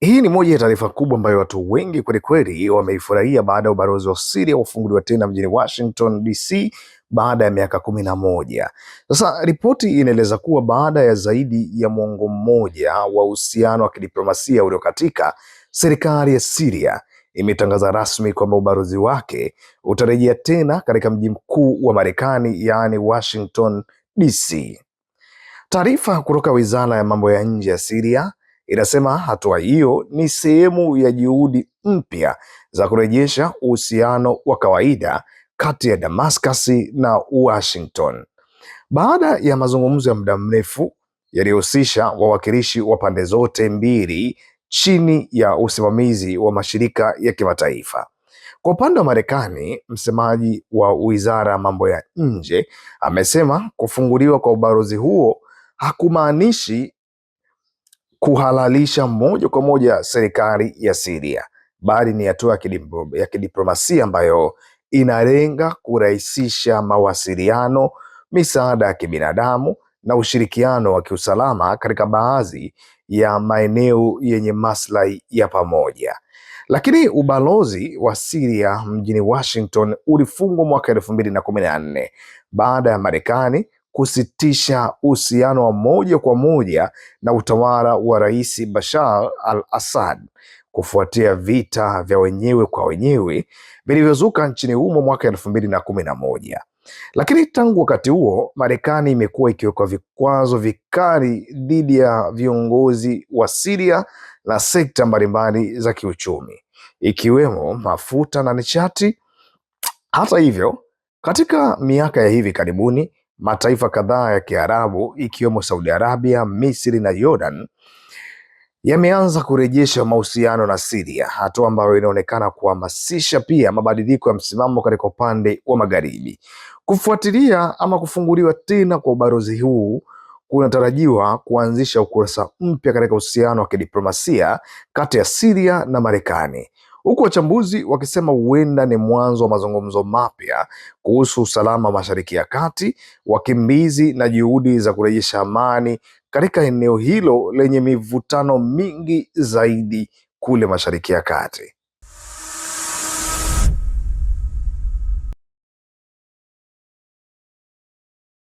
Hii ni moja ya taarifa kubwa ambayo watu wengi kwelikweli wameifurahia baada ya ubalozi wa Syria kufunguliwa tena mjini Washington DC baada ya miaka kumi na moja. Sasa ripoti inaeleza kuwa baada ya zaidi ya mwongo mmoja wa uhusiano wa kidiplomasia uliokatika, serikali ya Syria imetangaza rasmi kwamba ubalozi wake utarejea tena katika mji mkuu wa Marekani, yaani Washington DC. Taarifa kutoka Wizara ya Mambo ya Nje ya Syria inasema hatua hiyo ni sehemu ya juhudi mpya za kurejesha uhusiano wa kawaida kati ya Damascus na Washington baada ya mazungumzo ya muda mrefu yaliyohusisha wawakilishi wa pande zote mbili chini ya usimamizi wa mashirika ya kimataifa. Kwa upande wa Marekani, msemaji wa Wizara ya Mambo ya Nje amesema kufunguliwa kwa ubalozi huo hakumaanishi kuhalalisha moja kwa moja serikali ya Syria, bali ni hatua ya kidiplomasia ambayo inalenga kurahisisha mawasiliano, misaada ya kibinadamu na ushirikiano wa kiusalama katika baadhi ya maeneo yenye maslahi ya pamoja. Lakini ubalozi wa Syria mjini Washington ulifungwa mwaka elfu mbili na kumi na nne baada ya Marekani kusitisha uhusiano wa moja kwa moja na utawala wa Rais Bashar al-Assad kufuatia vita vya wenyewe kwa wenyewe vilivyozuka nchini humo mwaka elfu mbili na kumi na moja. Lakini tangu wakati huo Marekani imekuwa ikiwekwa vikwazo vikali dhidi ya viongozi wa Siria na sekta mbalimbali za kiuchumi ikiwemo mafuta na nishati. Hata hivyo, katika miaka ya hivi karibuni mataifa kadhaa ya Kiarabu ikiwemo Saudi Arabia, Misri na Jordan yameanza kurejesha mahusiano na Siria, hatua ambayo inaonekana kuhamasisha pia mabadiliko ya msimamo katika upande wa magharibi. Kufuatilia ama kufunguliwa tena kwa ubalozi huu kunatarajiwa kuanzisha ukurasa mpya katika uhusiano wa kidiplomasia kati ya Siria na Marekani huku wachambuzi wakisema huenda ni mwanzo wa mazungumzo mapya kuhusu usalama Mashariki ya Kati, wakimbizi na juhudi za kurejesha amani katika eneo hilo lenye mivutano mingi zaidi kule Mashariki ya Kati.